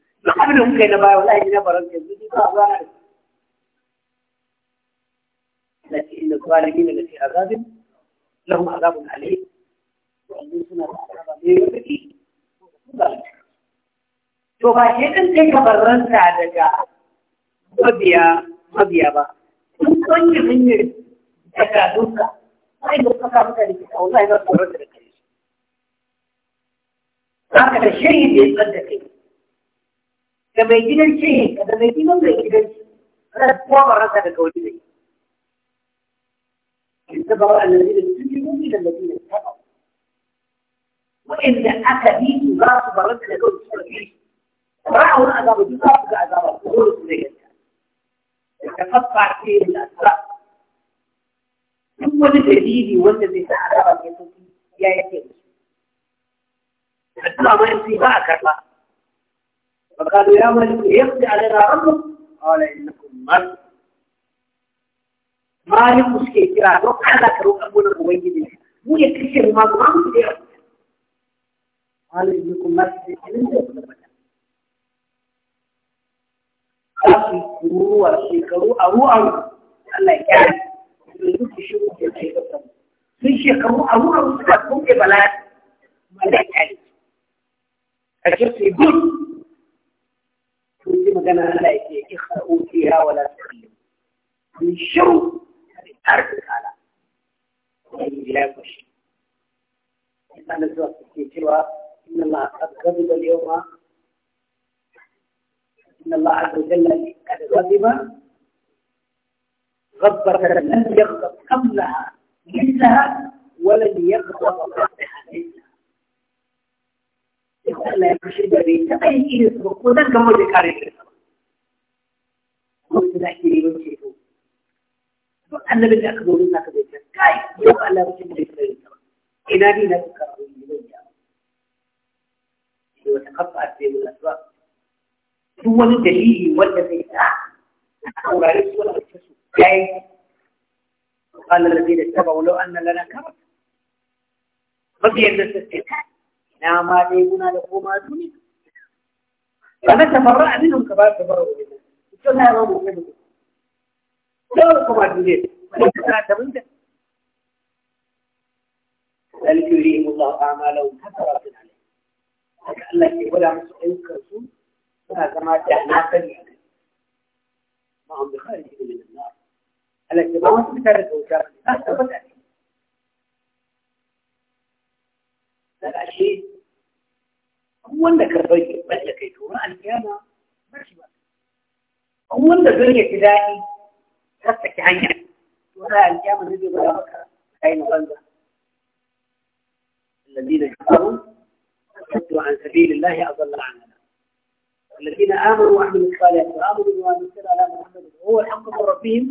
duk abin da muka yi na baya wallahi na baran ka yanzu ba ba na lati inna zalimin lati azabin lahum azabun alim wannan suna da azaba ne yake to ba shi din kai ka daga mabiya mabiya ba sun sanya hanyar daga duka sai da suka mutane ke kawo zai zarta da kai haka da shirin da ya tsar da kai da mai gidan ce da mai gidan mai gidan ce ana kowa ba rasa daga wani mai inda ba wa annabi da sun yi mummi da nabi da ta ba wa'inda aka bi su za su ba rasa daga wani suka bi ra'awun azaba duk za su ga azaba ko dole su zai yanta da kafa ce da asara duk wani dalili wanda zai sa azaba ya sauki ya yake da su. Addu'a ma yanzu ba a karɓa. فقالوا يا ملك يقضي علينا ربك قال إنكم ملك مالك مشكلة كرا روك حدك روك أبونا مبين مو يكسر ما ضمام قال إنكم ملك Aki kuruwa shekaru aru aru Allah ya kyara da duk shi ke aikata sun shekaru aru aru suka kunke bala'i malaka ne a kirsi duk kun ji magana Allah yake ikhtau fiha wa la tuqim kun shiru kare tarbi kala wani bila ku shi kana zuwa ke cewa inna Allah qad ghadiba al-yawma inna Allah azza wa jalla qad ghadiba غبر لن يغضب قبلها مثلها ولن يغضب in Allah ya kashe da bai taɓa yin irin ba ko zan gama da kare da sama. Wanda za ki neman ceto. To annabin da aka zo nuna ka bai ta kai yau Allah ya kashe da bai taɓa yin sama. Ina ne na suka rabu ne zan yi abu. Shi wata kafa a cikin lasuwa. Duk wani dalili wanda zai sa a saurari su wani ake su ya yi. قال الذين اتبعوا لو أن لنا كرة. مبين نفس الكتاب نعم dai kuna da koma duni kana tafarra minhum ka ba ta baro ne to na ba mu kai ذلك يريهم الله أعمالهم حسرات عليهم فكأن الله ولا مسؤول كرسول فهذا ما جعلنا سريعا ما هم بخارج من النار التي ما هم بثالث وشارك أحسبت عليهم هذا wanda ka rage ban da kai to ran alƙiyama ba shi ba wanda zai ya ji daɗi ta saki hanya to ran alƙiyama zai bada maka kai na banza الذين كفروا وصدوا عن سبيل الله أضل عننا الذين آمنوا وعملوا الصالحات وآمنوا بما نزل على محمد وهو الحق من ربهم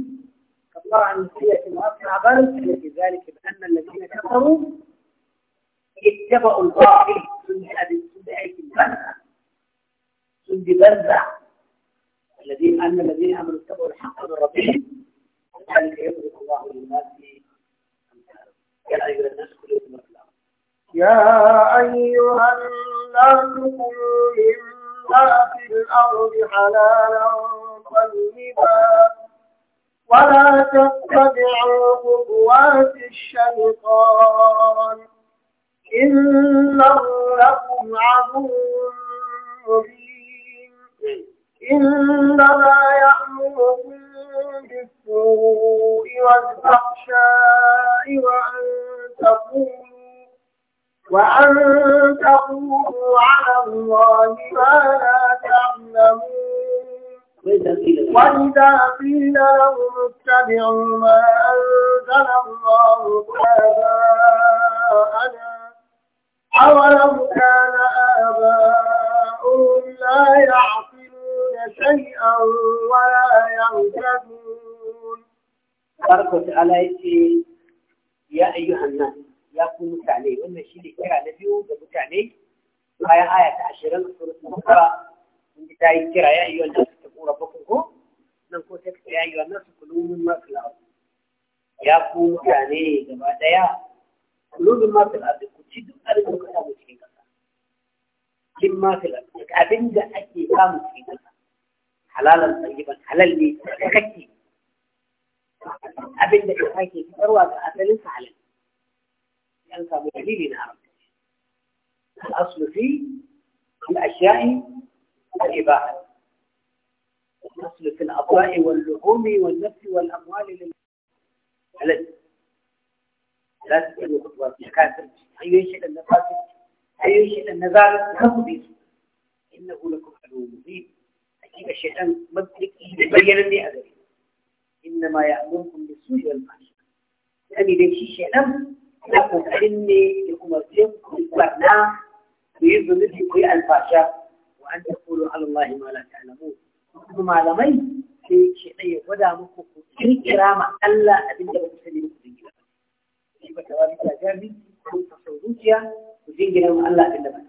كفر عن سيئة وأصنع بارك في ذلك بأن الذين كفروا اتبعوا الباطل من هذه في aikin الذين أن الذين عملوا اتبعوا الحق من ربهم وذلك يضرب الله للناس يا أيها الناس كل يوم في يا أيها الناس كل مما في الأرض حلالا طيبا ولا تتبعوا خطوات الشيطان إن لكم عدو مبين إنما يأمركم بالسوء والفحشاء وأن تقولوا وأن تقولوا على الله ما لا تعلمون وإذا قيل لهم اتبعوا ما أنزل الله آباءنا أولم كان آباؤهم لا يعقلون شيئا ولا يهتدون تركت عليك يا أيها الناس يا كل متعني وإن شيء كرا نبيه متعني آية آية عشرين سورة البقرة من بداية كرا يا أيها الناس اتقوا ربكم نقول يا أيها الناس كلوا مما في الأرض يا كل متعني جماعة يا كلوا مما في الأرض ci duk abin da kuka samu cikin ƙasa kin ma fil daga abin da ake samu cikin ƙasa halalan tsayiban halal ne da kake abin da ƙasa ke fitarwa ga asalin sa halal an samu dalili na haramta الأصل في الأشياء الإباحة الأصل في الأضواء واللحوم والنفس والأموال للحلال za su iya kutuwa su kafirci hanyoyin shaɗan na fasirci hanyoyin shaɗan na zalunci kan su bi su inna hula kuma alwumuzi hakika shaɗan mafi da bayyana ne a gare inna ma ya amurkun da su yawar fashi sani da shi shaɗan na kokarin ne da kuma sai ku yi barna ku yi zunubi ku yi alfasha wa an ta kuro alallahi ma la ta'lamu kuma malamai sai shaɗan ya gwada muku ku kirkira ma Allah abinda ba ku sani ba ku وزين لهم الله إلا ما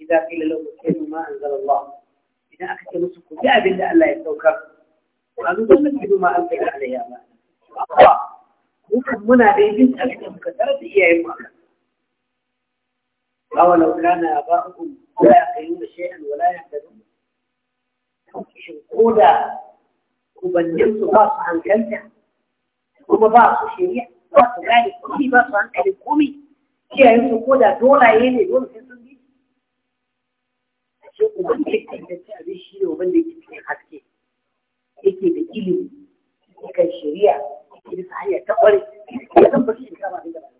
إذا قيل لهم اتبعوا ما أنزل الله إذا أكدت نصفك جاء بالله ألا يتوكا قالوا لهم اتبعوا ما أنزل عليها ما الله وكم منا بيجن أكدت مكثرة إياه ما أنزل ولو كان أباؤكم لا يقيون شيئا ولا يعتدون شنقولا وبنجلت باصعا كلتا وما باصوا شريعا ba su gane komi ba su hankali komi iyayen su ko da dolaye ne dole sai sun bi a ce uban da yake tantance abin shi ne uban da yake cikin haske yake da ilimi yake kan shari'a yake bisa hanya ta kware ya san bashi da kama da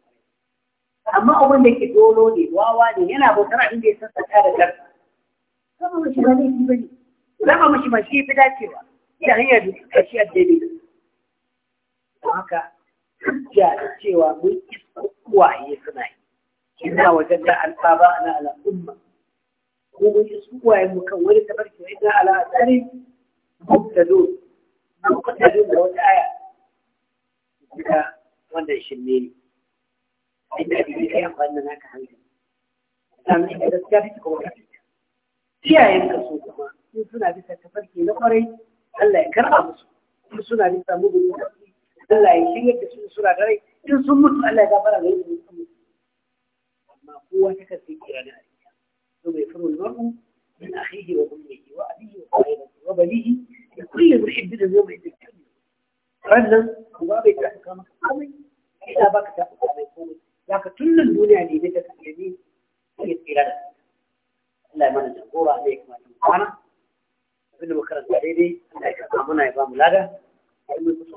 amma abin da yake dolo ne wawa ne yana bautar abin da ya san tsaka da kansa kama mashi ba shi ba ne zama mashi ba shi fi dacewa ina hanyar da shi a daidai haka hujja da cewa mun uwaye suna yi ina wajen da alfaba ana al'umma ko mun yi uwaye mu kan wani tabar ke ina al'adari asari mubtalo da wata aya duka wannan shirme ne inda ake kai amfani da naka hankali sannan da gaskiya da kuma ka iyayen ka su kuma sun suna bisa tafarki na kwarai Allah ya karɓa musu suna bisa mugun Allah ya shirya da su sura da rai in sun mutu Allah ya gafara da yin mutu amma kowa ta kasi kira da ariya to bai furu mar'u min akhihi wa ummihi wa abihi wa sahibatihi wa balihi da kullu muhibbin da zai da kullu rannan kuma bai ta kama komai ina baka ta kama komai zaka tullun duniya ne da ta kiyani sai tsira da Allah ya mana jagora ne kuma kwana abinda muka karanta daidai Allah ya kama muna ya ba mu lada ai mun kusa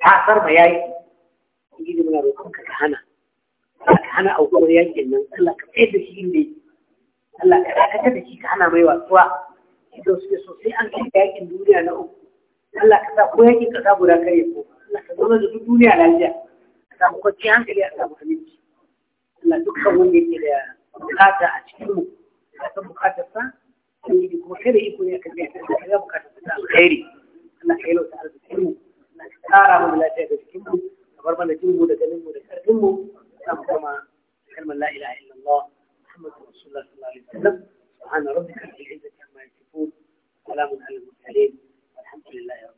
tasar ma yayi ubangiji muna roƙon ka ka hana ka hana aukuwar yankin nan Allah ka tsaye da shi inda Allah ka dakatar da shi ka hana mai watsuwa idan suke so sai an kai yakin duniya na uku Allah ka sa ko yakin kasa guda kare ko Allah ka zama da duk duniya lafiya ka samu kwanciyar hankali a samu aminci Allah dukkan wanda yake da bukata a cikin mu ka san bukatarsa ubangiji kuma kai da iko ne ka biya ka biya bukatarsa ta alkhairi Allah ka yi lauta arzikin mu kara ya tsara mana lafiya da jikin mu ka bar mana da ganin mu da karfin mu za mu kama kalmar la ilaha illallah محمد رسول الله صلى الله عليه وسلم سبحان ربك رب العزة عما ala وسلام على المرسلين